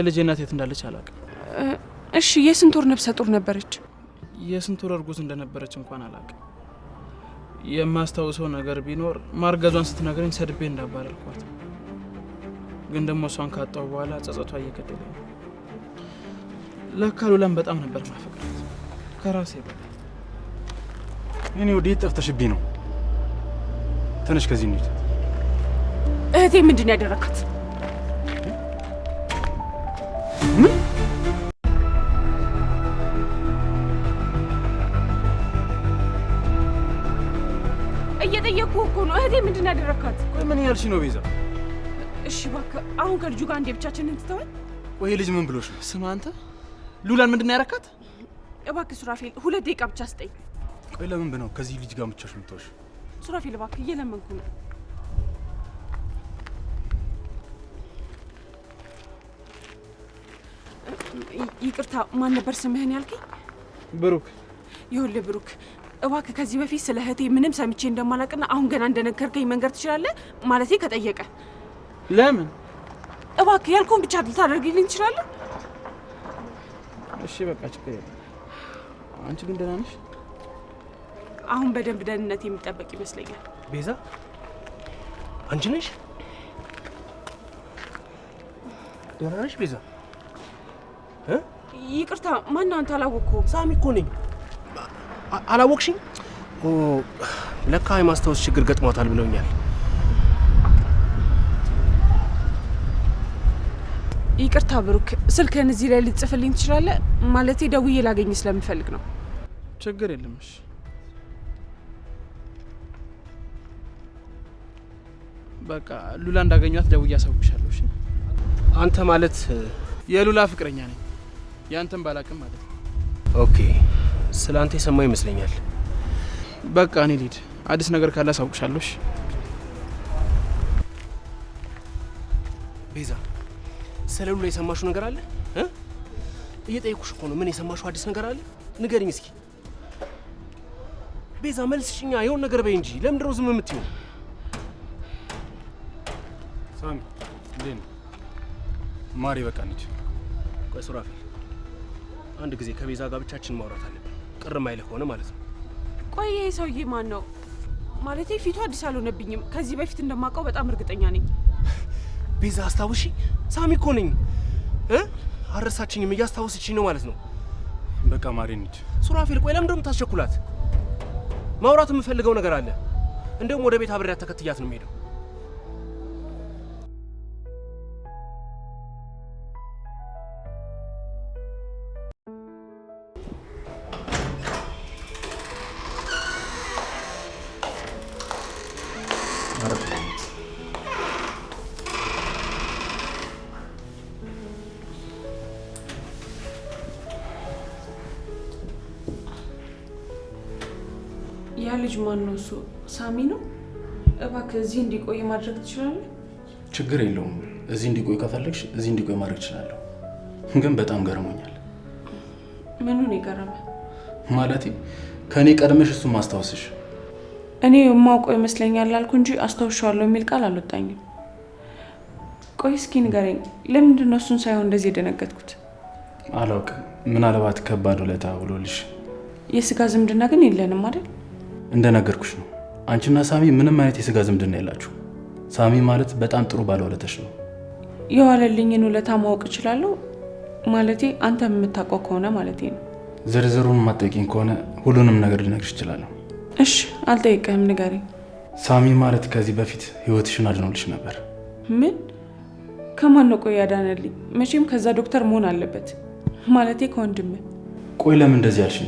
የልጅ እናት የት እንዳለች አላውቅም። እሺ የስንት ወር ነብሰ ጡር ነበረች? የስንት ወር እርጉዝ እንደነበረች እንኳን አላውቅም። የማስታውሰው ነገር ቢኖር ማርገዟን ስትነግረኝ ሰድቤ እንዳባረርኳት፣ ግን ደግሞ እሷን ካጣው በኋላ ጸጸቷ እየገደለ ነው። ለካ ሉላን በጣም ነበር ማፈቅራት ከራሴ በላይ። እኔ ወዴት ጠፍተሽብኝ ነው? ትንሽ ከዚህ እንሂድ። እህቴ ምንድን ያደረካት? ምን እኮ ነው። እህቴ ምንድን ነው ያደረካት? ቆይ ምን ያልሽ ነው ቤዛ? እሺ እባክህ አሁን ከልጁ ጋር እንዴ ብቻችንን ትተወን? ቆይ ልጅ ምን ብሎሽ ነው? ስማ አንተ ሉላን ምንድን ነው ያረካት? እባክህ ሱራፌል ሁለት ደቂቃ ብቻ ስጠኝ። ቆይ ለምን ብነው ከዚህ ልጅ ጋር ብቻሽ ምትወሽ? ሱራፌል እባክህ እየለመንኩ ነው ይቅርታ፣ ማን ነበር ስምህን ያልከኝ? ብሩክ። ይኸውልህ ብሩክ፣ እባክህ ከዚህ በፊት ስለ እህቴ ምንም ሰምቼ እንደማላቅና አሁን ገና እንደነገርከኝ መንገር ትችላለህ? ማለት ከጠየቀ ለምን? እባክህ ያልኩህን ብቻ ልታደርግልኝ ትችላለህ? እሺ በቃ ችግር አንቺ ግን ደህና ነሽ? አሁን በደንብ ደህንነት የሚጠበቅ ይመስለኛል። ቤዛ አንቺ ነሽ? ደህና ነሽ ቤዛ? ይቅርታ፣ ማን አንተ? አላወቅኩም። ሳሚ እኮ ነኝ። አላወቅሽኝ? ለካ የማስታወስ ችግር ገጥሟታል ብለውኛል። ይቅርታ ብሩክ፣ ስልክህን እዚህ ላይ ልጽፍልኝ ትችላለህ? ማለት ደውዬ ላገኝ ስለምፈልግ ነው። ችግር የለምሽ። በቃ ሉላ እንዳገኟት ደውዬ አሳውቅሻለሁ። አንተ ማለት የሉላ ፍቅረኛ ነኝ። ያንተን ባላቅም ማለት ነው። ኦኬ፣ ስለ አንተ የሰማ ይመስለኛል። በቃ እኔ ልሂድ። አዲስ ነገር ካለ አሳውቅሻለሽ። ቤዛ፣ ስለ ሉላ የሰማሽው ነገር አለ? እየጠየኩሽ እኮ ነው። ምን የሰማሽው አዲስ ነገር አለ? ንገሪኝ እስኪ ቤዛ። መልስሽኛ፣ የሆን ነገር በይ እንጂ ለምንድን ነው ዝም የምትይው? ሳሚ፣ እንዴት ነው ማሪ? በቃ ነች። ቆይ ሱራፌ አንድ ጊዜ ከቤዛ ጋር ብቻችን ማውራት አለብን። ቅር ማይልህ ከሆነ ማለት ነው። ቆይ ይሄ ሰውዬ ማን ነው? ማለቴ ፊቱ አዲስ አልሆነብኝም። ከዚህ በፊት እንደማውቀው በጣም እርግጠኛ ነኝ። ቤዛ አስታውሺ፣ ሳሚ እኮ ነኝ። አረሳችኝም፣ እያስታወሰችኝ ነው ማለት ነው። በቃ ማሬን ሱራፌል፣ ቆይ ለምን እንደምታስቸኩላት? ማውራት የምፈልገው ነገር አለ። እንደውም ወደ ቤት አብሬያት ተከትያት ነው የምሄደው ያ ልጅ ማን ነው? እሱ ሳሚ ነው። እባክህ እዚህ እንዲቆይ ማድረግ ትችላለህ? ችግር የለውም። እዚህ እንዲቆይ ከፈለግሽ እዚህ እንዲቆይ ማድረግ እችላለሁ። ግን በጣም ገርሞኛል። ምኑን የገረመ? ማለቴ ከእኔ ቀድመሽ እሱን ማስታወስሽ። እኔ የማውቀው ይመስለኛል አልኩ እንጂ አስታውሻለሁ የሚል ቃል አልወጣኝም። ቆይ እስኪ ንገረኝ፣ ለምንድን ነው እሱን ሳይሆን እንደዚህ የደነገጥኩት? አላውቅም። ምናልባት ከባድ ውለታ ውሎልሽ። የስጋ ዝምድና ግን የለንም አይደል? እንደነገርኩሽ ነው። አንቺና ሳሚ ምንም አይነት የስጋ ዝምድና የላችሁ። ሳሚ ማለት በጣም ጥሩ ባለውለታሽ ነው። የዋለልኝን ውለታ ማወቅ እችላለሁ ማለቴ አንተ የምታውቀው ከሆነ ማለቴ ነው። ዝርዝሩን ማጠቂኝ ከሆነ ሁሉንም ነገር ልነግርሽ እችላለሁ። እሺ፣ አልጠይቀህም፣ ንገረኝ። ሳሚ ማለት ከዚህ በፊት ህይወትሽን አድኖልሽ ነበር። ምን? ከማን ነው ቆይ ያዳነልኝ? መቼም ከዛ ዶክተር መሆን አለበት ማለቴ ከወንድም። ቆይ ለምን እንደዚህ ያልሽ?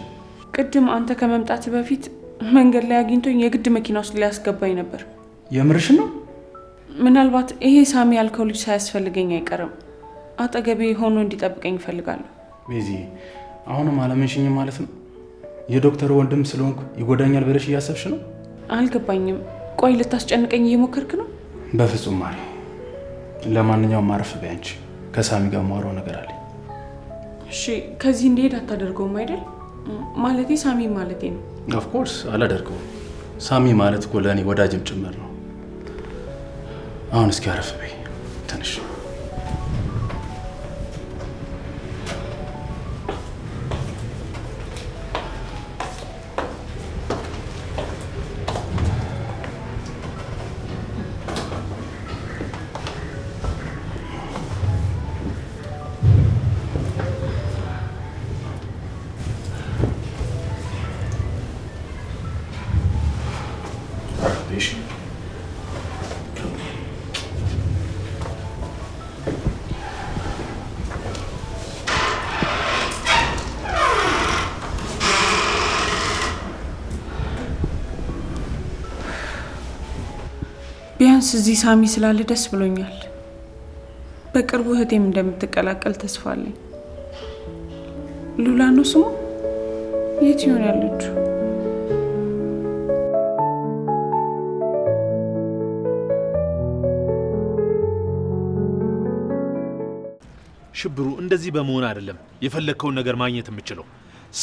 ቅድም አንተ ከመምጣት በፊት መንገድ ላይ አግኝቶኝ የግድ መኪና ውስጥ ሊያስገባኝ ነበር። የምርሽን ነው? ምናልባት ይሄ ሳሚ ያልከው ልጅ ሳያስፈልገኝ አይቀርም። አጠገቤ ሆኖ እንዲጠብቀኝ እፈልጋለሁ ቤዚ፣ አሁንም አለመንሽኝ ማለት ነው? የዶክተር ወንድም ስለሆንኩ ይጎዳኛል ብለሽ እያሰብሽ ነው? አልገባኝም። ቆይ ልታስጨንቀኝ እየሞከርክ ነው? በፍጹም ማሪ። ለማንኛውም ማረፍ ቢያንቺ ከሳሚ ጋር ማውራው ነገር አለ። እሺ፣ ከዚህ እንዲሄድ አታደርገውም አይደል? ማለቴ ሳሚ ማለቴ ነው። ኦፍኮርስ አላደርገውም። ሳሚ ማለት እኮ ለእኔ ወዳጅም ጭምር ነው። አሁን እስኪ አረፍ በይ። ቢያንስ እዚህ ሳሚ ስላለ ደስ ብሎኛል። በቅርቡ እህቴም እንደምትቀላቀል ተስፋ አለኝ። ሉላ ነው ስሙ። የት ይሆን ያለችው? ሽብሩ እንደዚህ በመሆን አይደለም የፈለግከውን ነገር ማግኘት የምችለው።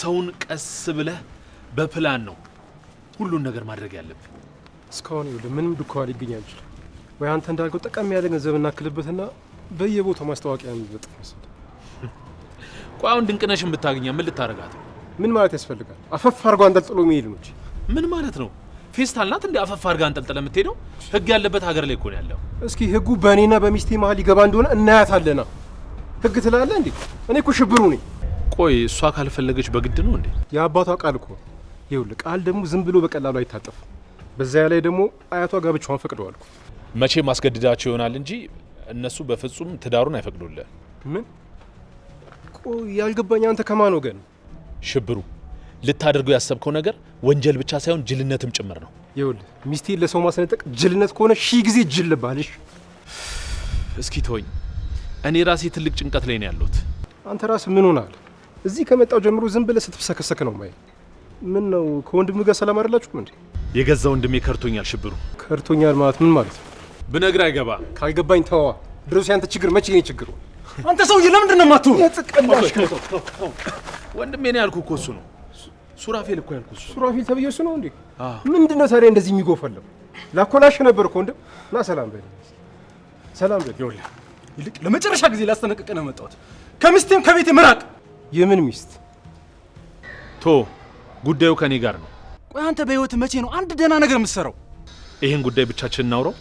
ሰውን ቀስ ብለህ በፕላን ነው ሁሉን ነገር ማድረግ ያለብን። እስካሁን ይኸውልህ ምንም ድካም ሊገኝ አልችልም። ወይ አንተ እንዳልከው ጠቀም ያለ ገንዘብ እናክልበትና በየቦታው ማስታወቂያ የሚበጥ መሰለህ። ቆይ አሁን ድንቅነሽን ብታገኛ ምን ልታረጋት? ምን ማለት ያስፈልጋል? አፈፍ አድርጎ አንጠልጥሎ የሚሄድ ነች። ምን ማለት ነው? ፌስታል ናት እንዴ? አፈፍ አድርጋ አንጠልጥለ የምትሄደው? ህግ ያለበት ሀገር ላይ እኮ ነው ያለው። እስኪ ህጉ በእኔና በሚስቴ መሀል ይገባ እንደሆነ እናያታለና። ህግ ትላለ እንዴ? እኔ እኮ ሽብሩ ነኝ። ቆይ እሷ ካልፈለገች በግድ ነው እንዴ? የአባቷ ቃል እኮ ይኸውልህ። ቃል ደግሞ ዝም ብሎ በቀላሉ አይታጠፍም። በዚያ ላይ ደግሞ አያቷ ጋብቻዋን ፈቅደዋል እኮ መቼ ማስገድዳቸው ይሆናል እንጂ እነሱ በፍጹም ትዳሩን አይፈቅዱልህ። ምን ያልገባኝ አንተ ከማን ወገን ሽብሩ? ልታደርገው ያሰብከው ነገር ወንጀል ብቻ ሳይሆን ጅልነትም ጭምር ነው። ይኸውልህ ሚስቴ ለሰው ማስነጠቅ ጅልነት ከሆነ ሺህ ጊዜ ጅል ልባልሽ። እስኪ ተወኝ፣ እኔ ራሴ ትልቅ ጭንቀት ላይ ነው ያለሁት። አንተ ራስህ ምን ሆናል? እዚህ ከመጣው ጀምሮ ዝም ብለህ ስትፈሰከሰክ ነው ማየ። ምን ነው ከወንድም ጋር ሰላም አይደላችሁም እንዴ? የገዛ ወንድሜ ከርቶኛል ሽብሩ። ከርቶኛል ማለት ምን ማለት ነው? ብነግር አይገባ። ካልገባኝ ተዋ። ድረስ ያንተ ችግር መቼ ነው ችግሩ? አንተ ሰውዬ ለምንድን ነው የማትሆን? ወንድሜ ነው ያልኩህ እኮ እሱ ነው። ሱራፌል እኮ ያልኩ እሱ ሱራፌል ተብዬው እሱ ነው እንዴ? ምንድን ነው ታዲያ እንደዚህ የሚጎፈለው? ላኮላሽ ነበር እኮ ወንድም። ና ሰላም በል፣ ሰላም በል። ይኸውልህ፣ ይልቅ ለመጨረሻ ጊዜ ላስጠነቅቅህ ነው የመጣሁት። ከሚስቴም ከቤቴ መራቅ። የምን ሚስት? ቶ ጉዳዩ ከኔ ጋር ነው። ቆይ አንተ በህይወት መቼ ነው አንድ ደህና ነገር የምትሰራው? ይህን ጉዳይ ብቻችን እናውረው።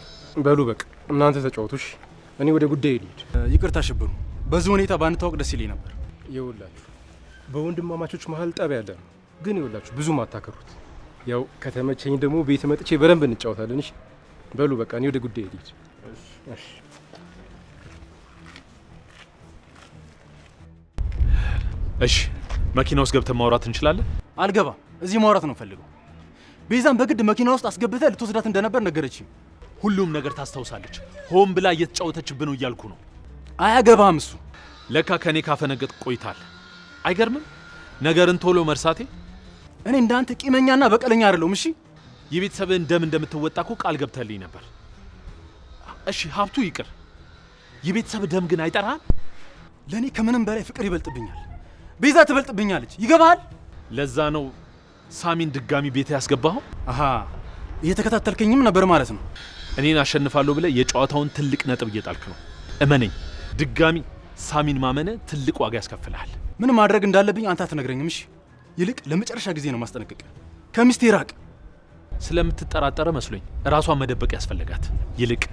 በሉ በቃ እናንተ ተጫወቱሽ፣ እኔ ወደ ጉዳይ ልሂድ። ይቅርታ ሽብሩ፣ በዚህ ሁኔታ ባንታወቅ ደስ ይለኝ ነበር። ይኸውላችሁ በወንድማማቾች መሀል ጠብ ያለ ነው፣ ግን ይኸውላችሁ ብዙም አታከሩት። ያው ከተመቸኝ ደግሞ ቤት መጥቼ በደንብ እንጫወታለን። እሺ በሉ በቃ እኔ ወደ ጉዳይ ልሂድ። እሺ መኪና ውስጥ ገብተን ማውራት እንችላለን? አልገባም። እዚህ ማውራት ነው ፈልገው። ቤዛን በግድ መኪና ውስጥ አስገብተህ ልትወስዳት እንደነበር ነገረችኝ። ሁሉም ነገር ታስታውሳለች። ሆን ብላ እየተጫወተችብ ነው እያልኩ ነው። አያገባም። እሱ ለካ ከእኔ ካፈነገጥ ቆይታል። አይገርምም ነገርን ቶሎ መርሳቴ። እኔ እንዳንተ ቂመኛና በቀለኛ አይደለሁም። እሺ የቤተሰብህን ደም እንደምትወጣ እኮ ቃል ገብተልኝ ነበር። እሺ ሀብቱ ይቅር፣ የቤተሰብ ደም ግን አይጠራህም? ለእኔ ከምንም በላይ ፍቅር ይበልጥብኛል። ቤዛ ትበልጥብኛለች። ይገባሃል? ለዛ ነው ሳሚን ድጋሚ ቤት ያስገባኸው። አሃ እየተከታተልከኝም ነበር ማለት ነው። እኔን አሸንፋለሁ ብለህ የጨዋታውን ትልቅ ነጥብ እየጣልክ ነው። እመነኝ፣ ድጋሚ ሳሚን ማመነ ትልቅ ዋጋ ያስከፍልሃል። ምን ማድረግ እንዳለብኝ አንተ አትነግረኝም። እሺ፣ ይልቅ ለመጨረሻ ጊዜ ነው ማስጠነቀቅ፣ ከሚስቴ ራቅ። ስለምትጠራጠረ መስሎኝ እራሷን መደበቅ ያስፈለጋት። ይልቅ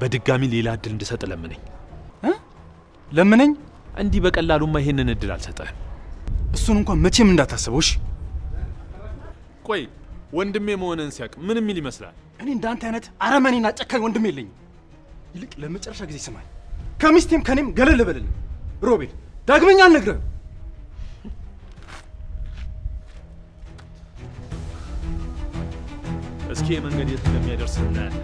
በድጋሚ ሌላ እድል እንድሰጥ ለምነኝ። ለምነኝ? እንዲህ በቀላሉማ ይሄንን እድል አልሰጠህም። እሱን እንኳን መቼም እንዳታስበው። እሺ። ቆይ ወንድሜ መሆነን ሲያውቅ ምን የሚል ይመስላል? እኔ እንዳንተ አይነት አረመኔና ጨካኝ ወንድም የለኝም። ይልቅ ለመጨረሻ ጊዜ ስማኝ፣ ከሚስቴም ከኔም ገለል በለልን። ሮቤል ዳግመኛ አልነግረህም። እስኪ መንገድ የት እንደሚያደርስ እናያለን።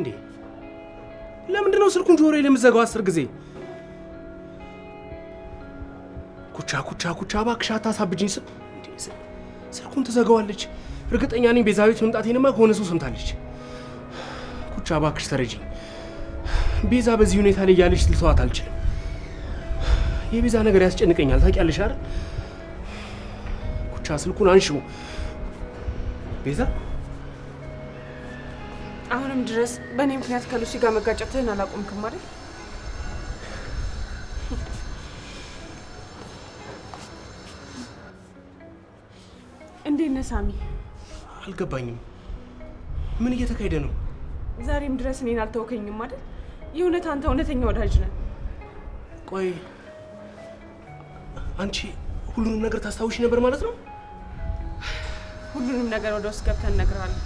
እንዴ? ለምንድን ነው ስልኩን ጆሮዬ ለምዘጋው? አስር ጊዜ ኩቻ ኩቻ ኩቻ፣ እባክሽ አታሳብጅኝ። ስልኩን ትዘጋዋለች። እርግጠኛ ነኝ ቤዛቤት መምጣቴንማ ከሆነ ሰው ሰምታለች። ኩቻ እባክሽ ተረጅኝ። ቤዛ በዚህ ሁኔታ ላይ ያለች ልተዋት አልችልም። የቤዛ ነገር ያስጨንቀኛል። ታውቂያለሽ አይደል? ኩቻ ስልኩን አንሺው ቤዛ አሁንም ድረስ በእኔ ምክንያት ከሉሲ ጋር መጋጨትህን አላቆምክም አይደል? እንዴት ነህ ሳሚ? አልገባኝም። ምን እየተካሄደ ነው? ዛሬም ድረስ እኔን አልተወከኝም አይደል? የእውነት አንተ እውነተኛ ወዳጅ ነህ። ቆይ አንቺ ሁሉንም ነገር ታስታውሽ ነበር ማለት ነው? ሁሉንም ነገር ወደ ውስጥ ገብተን እነግርሃለሁ።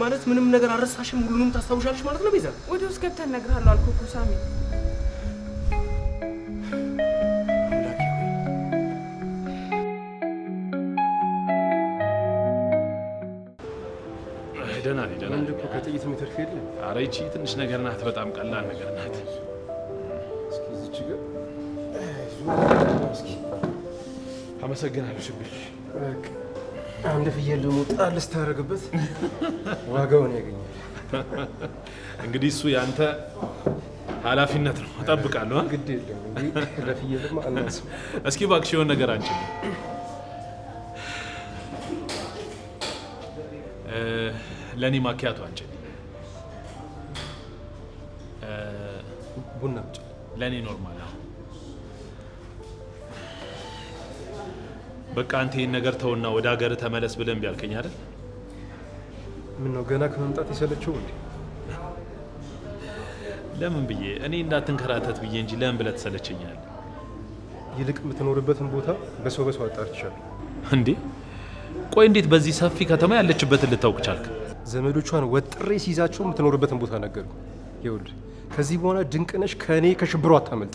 ማለት ምንም ነገር አረሳሽም፣ ሁሉንም ታስታውሻለሽ ማለት ነው ቤዛ። ወደ ውስጥ ገብተን እነግርሃለሁ አልኩህ እኮ ሳሚ። ደህና ነኝ ደህና ነኝ። ከጥይት የሚተርፍ የለም። ኧረ ይቺ ትንሽ ነገር ናት፣ በጣም ቀላል ነገር ናት። አመሰግናለሁ ሽብሽ አንድ ፍየል ደግሞ ጣል ስታደርግበት ዋጋውን ያገኛል። እንግዲህ እሱ ያንተ ኃላፊነት ነው። እጠብቃለሁ። ግድ የለም ለፍየልም አናስብ። እስኪ እባክሽ የሆነ ነገር አንቺ ለእኔ ማኪያቱ አንቺ ቡና ለእኔ ኖርማል በቃ አንተ ይህን ነገር ተውና ወደ ሀገር ተመለስ ብለን ቢያልከኝ አይደል? ምን ነው ገና ከመምጣት የሰለቸው እንዴ? ለምን ብዬ እኔ እንዳትንከራተት ብዬ እንጂ ለምን ብለህ ትሰለቸኛለህ? ይልቅ የምትኖርበትን ቦታ በሰው በሰው አጣርቻለሁ። እንዴ ቆይ እንዴት በዚህ ሰፊ ከተማ ያለችበትን ልታውቅ ቻልክ? ዘመዶቿን ወጥሬ ሲይዛቸው የምትኖርበትን ቦታ ነገርኩ። ይኸውልህ ከዚህ በኋላ ድንቅነሽ ከእኔ ከሽብሮ አታመልጥ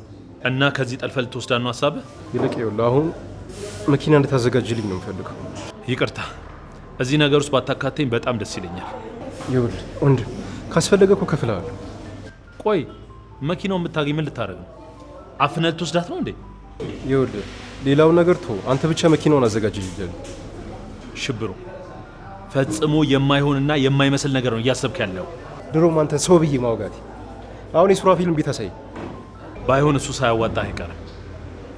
እና ከዚህ ጠልፈህ ልትወስዳን ነው ሀሳብህ? ይልቅ ይውል አሁን መኪና እንድታዘጋጅልኝ ነው የምፈልገው። ይቅርታ እዚህ ነገር ውስጥ ባታካተኝ በጣም ደስ ይለኛል። ይውል ወንድም ካስፈለገ እኮ እከፍልሃለሁ። ቆይ መኪናው የምታገኝ ምን ልታደርግ ነው? አፍነት ትወስዳት ነው እንዴ? ይውል ሌላው ነገር ቶ አንተ ብቻ መኪናውን አዘጋጅልኝ ሽብሮ ፈጽሞ የማይሆንና የማይመስል ነገር ነው እያሰብክ ያለው። ድሮም አንተ ሰው ብዬ ማውጋት፣ አሁን የሱራ ፊልም ቤት አሳይ። ባይሆን እሱ ሳያዋጣ አይቀርም።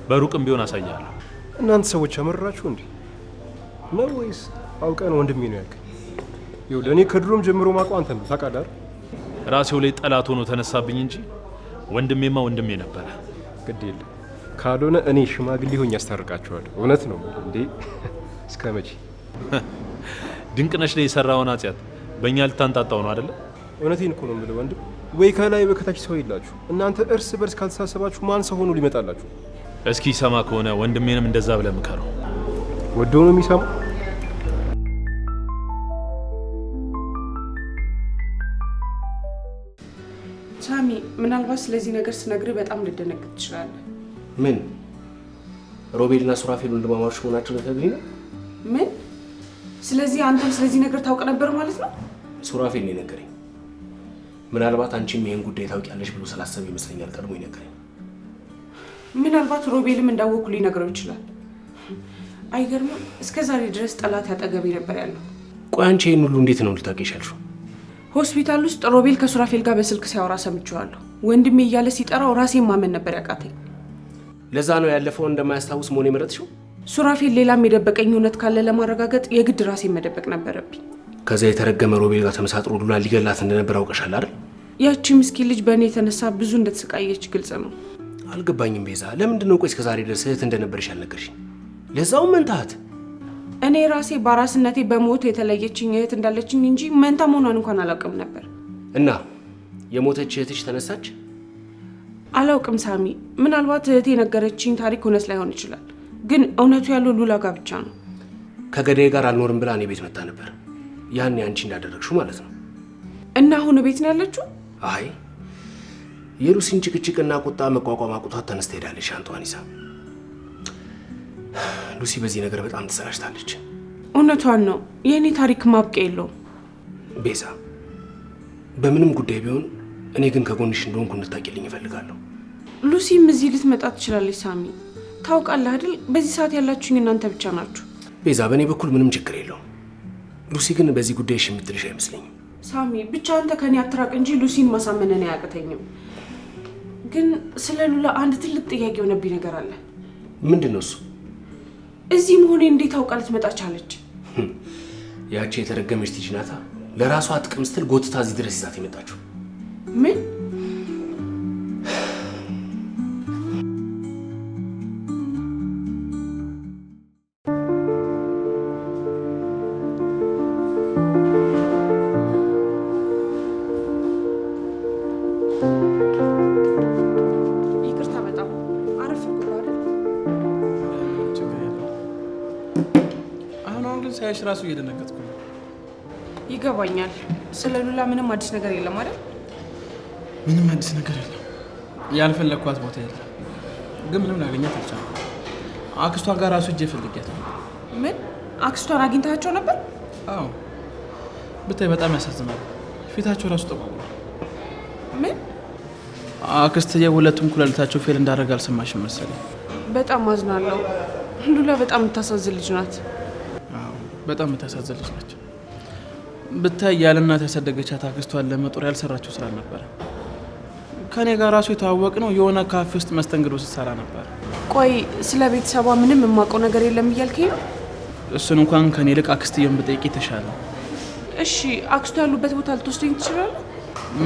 በሩቅም ቢሆን አሳያለሁ። እናንተ ሰዎች አመራችሁ እንዴ ነው ወይስ አውቀን ወንድሜ ነው ያልከኝ? ይኸው ለእኔ ከድሮም ጀምሮ ማውቀው ነው ታውቃለህ። ራሴው ላይ ጠላት ሆኖ ተነሳብኝ እንጂ ወንድሜማ ወንድሜ ነበረ። ግድ የለ ካልሆነ እኔ ሽማግሌ ሆኝ ያስታርቃችኋለሁ። እውነት ነው እንዴ? እስከ መቼ ድንቅነሽ ላይ የሰራውን አጽያት በእኛ ልታንጣጣው ነው አይደለም? እውነቴን እኮ ነው የምልህ ወንድም። ወይ ከላይ በከታች ሰው የላችሁ እናንተ እርስ በርስ ካልተሳሰባችሁ ማን ሰው ሆኖ ሊመጣላችሁ እስኪ ሰማ ከሆነ ወንድሜንም እንደዛ ብለህ ምከረው። ወዶ ነው የሚሰማ። ሳሚ፣ ምናልባት ስለዚህ ነገር ስነግርህ በጣም ልደነግጥ ትችላለህ። ምን ሮቤልና ሱራፌል ወንድማማቾች መሆናቸው ልትነግሪኝ ነው? ምን? ስለዚህ አንተም ስለዚህ ነገር ታውቅ ነበር ማለት ነው? ሱራፌል ነው የነገረኝ። ምናልባት አንቺም ይህን ጉዳይ ታውቂያለሽ ብሎ ስላሰብ ይመስለኛል ቀድሞ ይነገረኝ ምናልባት ሮቤልም እንዳወኩ ሊነግረው ይችላል። አይገርምም? እስከ ዛሬ ድረስ ጠላት ያጠገቤ ነበር ያለው። ቆይ አንቺ ይህን ሁሉ እንዴት ነው ልታውቂ የቻልሽው? ሆስፒታል ውስጥ ሮቤል ከሱራፌል ጋር በስልክ ሲያወራ ሰምቼዋለሁ። ወንድሜ እያለ ሲጠራው ራሴ ማመን ነበር ያቃተኝ። ለዛ ነው ያለፈውን እንደማያስታውስ መሆን የመረጥሽው? ሱራፌል ሌላም የደበቀኝ እውነት ካለ ለማረጋገጥ የግድ ራሴን መደበቅ ነበረብኝ። ከዚያ የተረገመ ሮቤል ጋር ተመሳጥሮ ሉላ ሊገላት እንደነበር አውቀሻል አይደል? ያቺ ምስኪን ልጅ በእኔ የተነሳ ብዙ እንደተሰቃየች ግልጽ ነው። አልገባኝም ቤዛ፣ ለምንድን ነው ቆይ እስከ ዛሬ ድረስ እህት እንደነበርሽ አልነገርሽኝ? ለዛውም መንታት። እኔ ራሴ በአራስነቴ በሞት የተለየችኝ እህት እንዳለችኝ እንጂ መንታ መሆኗን እንኳን አላውቅም ነበር። እና የሞተች እህትሽ ተነሳች? አላውቅም ሳሚ፣ ምናልባት እህት የነገረችኝ ታሪክ እውነት ላይሆን ይችላል። ግን እውነቱ ያለው ሉላ ጋር ብቻ ነው። ከገዳይ ጋር አልኖርም ብላ እኔ ቤት መጣ ነበር። ያን አንቺ እንዳደረግሽው ማለት ነው። እና አሁን ቤት ነው ያለችው? አይ የሉሲን ጭቅጭቅና ቁጣ መቋቋም አቁቷት ተነስታ ሄዳለች። አንቷን ይዛ ሉሲ በዚህ ነገር በጣም ተሰራጭታለች። እውነቷን ነው። የእኔ ታሪክ ማብቂያ የለውም ቤዛ። በምንም ጉዳይ ቢሆን እኔ ግን ከጎንሽ እንደሆንኩ እንድታቂልኝ እፈልጋለሁ። ሉሲም እዚህ ልትመጣ ትችላለች። ሳሚ ታውቃለህ አይደል? በዚህ ሰዓት ያላችሁኝ እናንተ ብቻ ናችሁ። ቤዛ፣ በእኔ በኩል ምንም ችግር የለውም። ሉሲ ግን በዚህ ጉዳይ እሺ የምትልሽ አይመስለኝም። ሳሚ ብቻ አንተ ከኔ አትራቅ እንጂ ሉሲን ማሳመንን አያቅተኝም። ግን ስለ ሉላ አንድ ትልቅ ጥያቄ የሆነብኝ ነገር አለ። ምንድን ነው እሱ? እዚህ መሆኔ እንዴት አውቃ ልትመጣ ቻለች? ያቺ የተረገመች ልጅ ናታ። ለራሷ ጥቅም ስትል ጎትታ እዚህ ድረስ ይዛት የመጣችው ምን ይገባኛል። ስለ ሉላ ምንም አዲስ ነገር የለም አይደል? ምንም አዲስ ነገር የለም። ያልፈለግኳት ቦታ የለም፣ ግን ምንም ላገኛት አልቻልኩም። አክስቷ ጋር ራሱ እጄ ፈልጌያት ምን? አክስቷን አግኝታቸው ነበር? አዎ፣ ብታይ በጣም ያሳዝናል። ፊታቸው ራሱ ጠቋቁሯል። ምን? አክስትዬ ሁለቱም ኩላሊታቸው ፌል እንዳደረገ አልሰማሽም መሰለኝ። በጣም አዝናለሁ። ሉላ በጣም የምታሳዝን ልጅ ናት። በጣም የምታሳዝን ልጅ ናቸው። ብታይ ያለ እናት ያሳደገቻት አክስቷን ለመጦር ያልሰራችው ስራ ነበረ። ከኔ ጋር ራሱ የተዋወቅ ነው የሆነ ካፌ ውስጥ መስተንግዶ ስትሰራ ነበር። ቆይ ስለ ቤተሰቧ ምንም የማውቀው ነገር የለም እያልክ? ነው? እሱን እንኳን ከኔ ይልቅ አክስትየን ብጠይቅ የተሻለ። እሺ አክስቷ ያሉበት ቦታ ልትወስደኝ ይችላል?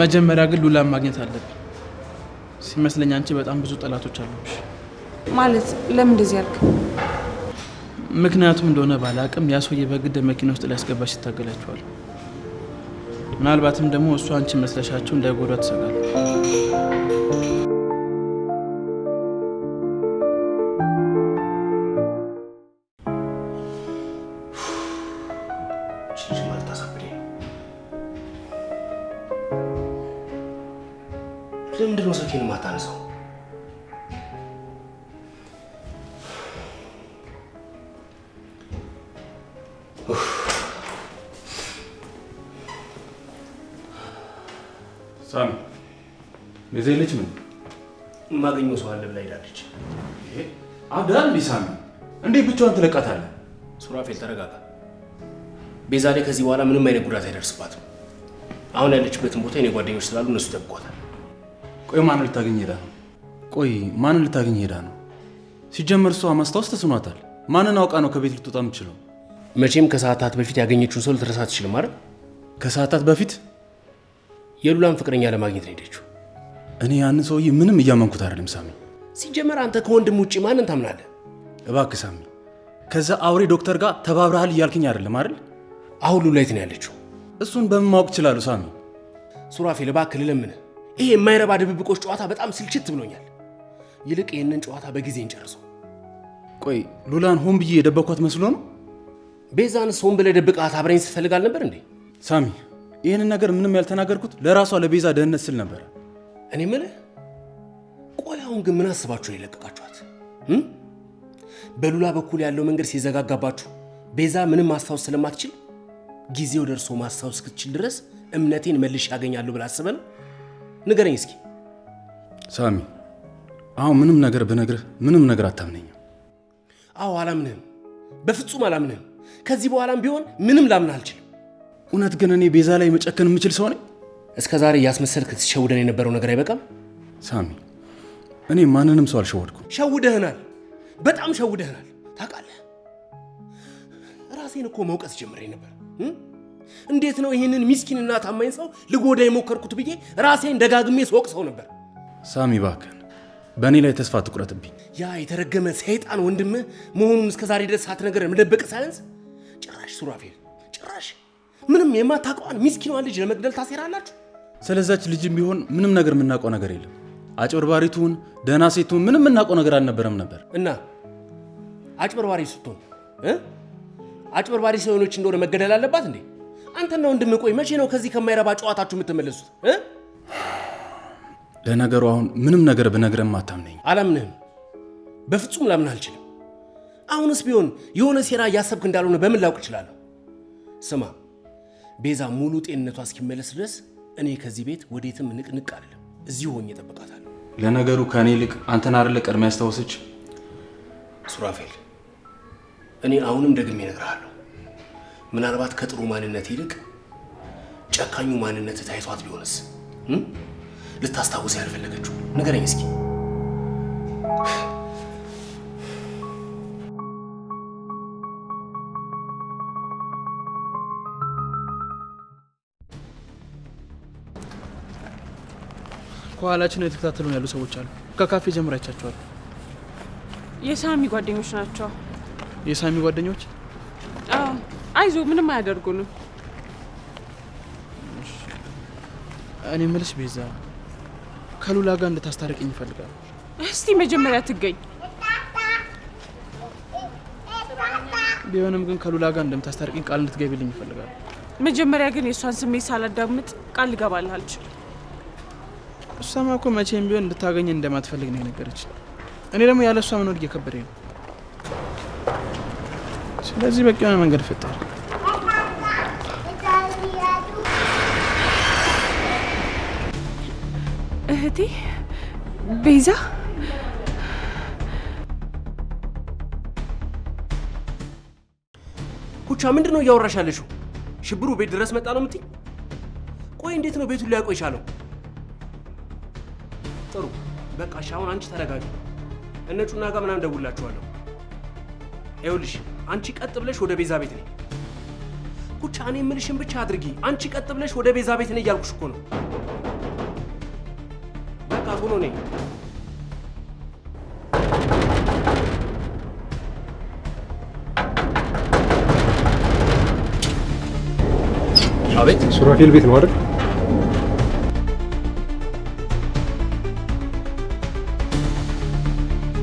መጀመሪያ ግን ሉላ ማግኘት አለብኝ። ሲመስለኝ አንቺ በጣም ብዙ ጠላቶች አሉብሽ። ማለት ለምን እንደዚህ ያልክ? ምክንያቱም እንደሆነ ባላቅም አቅም ያ ሰውዬ በግድ መኪና ውስጥ ሊያስገባሽ ይታገላቸዋል። ምናልባትም ደግሞ እሱ አንቺን መስለሻቸው እንዳይጎዳ ትሰጋለች። የዚህ ልጅ ምን የማገኘው ሰው አለ ብላ ሄዳለች። አብዳል ሊሳሚ እንዴት ብቻዋን ትለቃታለህ? ሱራፌል ተረጋጋ። ቤዛ ላይ ከዚህ በኋላ ምንም አይነት ጉዳት አይደርስባትም። አሁን ያለችበትን ቦታ የኔ ጓደኞች ስላሉ እነሱ ይጠብቋታል። ቆይ ማንን ልታገኝ ሄዳ ነው? ቆይ ማንን ልታገኝ ሄዳ ነው? ሲጀመር እሷ ማስታወስ ተስኗታል። ማንን አውቃ ነው ከቤት ልትወጣ የምችለው? መቼም ከሰዓታት በፊት ያገኘችውን ሰው ልትረሳ ትችልም አይደል? ከሰዓታት በፊት የሉላን ፍቅረኛ ለማግኘት ነው ሄደችው። እኔ ያን ሰውዬ ምንም እያመንኩት አይደለም ሳሚ። ሲጀመር አንተ ከወንድም ውጭ ማንን ታምናለህ? እባክህ ሳሚ፣ ከዛ አውሬ ዶክተር ጋር ተባብረሃል እያልክኝ አይደለም አይደል? አሁን ሉላይት ነው ያለችው። እሱን በምን ማወቅ እችላለሁ ሳሚ? ሱራፌ፣ እባክህ ልለምንህ፣ ይሄ የማይረባ ድብብቆች ጨዋታ በጣም ስልችት ብሎኛል። ይልቅ ይህንን ጨዋታ በጊዜ እንጨርሰው። ቆይ ሉላን ሆን ብዬ የደበኳት መስሎ ነው? ቤዛንስ ሆን ብለህ ደብቃት አብረኝ ስትፈልግ አልነበር እንዴ? ሳሚ፣ ይህንን ነገር ምንም ያልተናገርኩት ለራሷ ለቤዛ ደህንነት ስል ነበር። እኔ የምልህ ቆይ አሁን ግን ምን አስባችሁ ነው የለቀቃችኋት? በሉላ በኩል ያለው መንገድ ሲዘጋጋባችሁ ቤዛ ምንም ማስታወስ ስለማትችል ጊዜው ደርሶ ማስታወስ እስክትችል ድረስ እምነቴን መልሽ ያገኛሉ ብላ አስበ ነው? ንገረኝ እስኪ ሳሚ። አሁን ምንም ነገር ብነግርህ ምንም ነገር አታምነኝም። አዎ አላምንህም፣ በፍጹም አላምንህም። ከዚህ በኋላም ቢሆን ምንም ላምን አልችልም። እውነት ግን እኔ ቤዛ ላይ መጨከን የምችል ሰው ነኝ? እስከ ዛሬ እያስመሰልክ ትሸውደን የነበረው ነገር አይበቃም? ሳሚ፣ እኔ ማንንም ሰው አልሸወድኩም። ሸውደህናል፣ በጣም ሸውደህናል። ታውቃለህ፣ ራሴን እኮ መውቀስ ጀምሬ ነበር። እንዴት ነው ይህንን ሚስኪንና ታማኝ ሰው ልጎዳ የሞከርኩት ብዬ ራሴን ደጋግሜ ሰወቅ ሰው ነበር። ሳሚ እባክህን፣ በእኔ ላይ ተስፋ ትቁረጥብኝ። ያ የተረገመ ሰይጣን ወንድም መሆኑን እስከ ዛሬ ድረስ ሳትነግረን መደበቅ ሳያንስ ጭራሽ ሱራፌል፣ ጭራሽ ምንም የማታውቀዋን ሚስኪኗን ልጅ ለመግደል ታሴራላችሁ። ስለዛች ልጅም ቢሆን ምንም ነገር የምናውቀው ነገር የለም። አጭበርባሪቱን፣ ደህና ሴቱን ምንም የምናውቀው ነገር አልነበረም ነበር እና አጭበርባሪ ስትሆን አጭበርባሪ ስለሆነች እንደሆነ መገደል አለባት እንዴ? አንተና ወንድም ቆይ፣ መቼ ነው ከዚህ ከማይረባ ጨዋታችሁ የምትመለሱት? ለነገሩ አሁን ምንም ነገር ብነግረም አታምነኝ። አላምንህም፣ በፍጹም ላምን አልችልም። አሁንስ ቢሆን የሆነ ሴራ እያሰብክ እንዳልሆነ በምን ላውቅ እችላለሁ? ስማ ቤዛ፣ ሙሉ ጤንነቷ እስኪመለስ ድረስ እኔ ከዚህ ቤት ወዴትም ንቅንቅ አለ እዚሁ ሆኜ እጠብቃታለሁ። ለነገሩ ከእኔ ይልቅ አንተን አይደለ ቀድሜ ያስታወሰች። ሱራፌል፣ እኔ አሁንም ደግሜ እነግርሃለሁ፣ ምናልባት ከጥሩ ማንነት ይልቅ ጨካኙ ማንነት ታይቷት ቢሆንስ? ልታስታውስ ያልፈለገችው ንገረኝ እስኪ። ከኋላችን የተከታተሉን ያሉ ሰዎች አሉ። ከካፌ ጀምር አይቻቸዋል። የሳሚ ጓደኞች ናቸው። የሳሚ ጓደኞች? አይዞ ምንም አያደርጉንም። እኔ ምልሽ ቤዛ፣ ከሉላ ጋር እንድታስታርቅኝ ይፈልጋል። እስቲ መጀመሪያ ትገኝ ቢሆንም ግን ከሉላ ጋር እንደምታስታርቅኝ ቃል እንድትገቢልኝ ይፈልጋል። መጀመሪያ ግን የእሷን ስሜት ሳላዳምጥ ቃል ልገባልህ አልችልም። እሷማ እኮ መቼም ቢሆን እንድታገኘ እንደማትፈልግ ነው የነገረች። እኔ ደግሞ ያለ እሷ መኖር እየከበደኝ ነው። ስለዚህ በቂ የሆነ መንገድ ፈጠር እህቴ ቤዛ ኩቻ ምንድን ነው እያወራሽ ሽብሩ ቤት ድረስ መጣ ነው የምትይ? ቆይ እንዴት ነው ቤቱን ሊያውቀው የቻለው? ጥሩ በቃ እሺ፣ አሁን አንቺ ተረጋጊ። እነ ጩና ጋር ምናምን ደውላችኋለሁ። ይኸውልሽ አንቺ ቀጥ ብለሽ ወደ ቤዛ ቤት ነኝ ኩቻ እኔ የምልሽን ብቻ አድርጊ። አንቺ ቀጥ ብለሽ ወደ ቤዛ ቤት ነኝ እያልኩሽ እኮ ነው። በቃ ቶሎ ነኝ አቤት ሱራፌል ቤት ነው አይደል?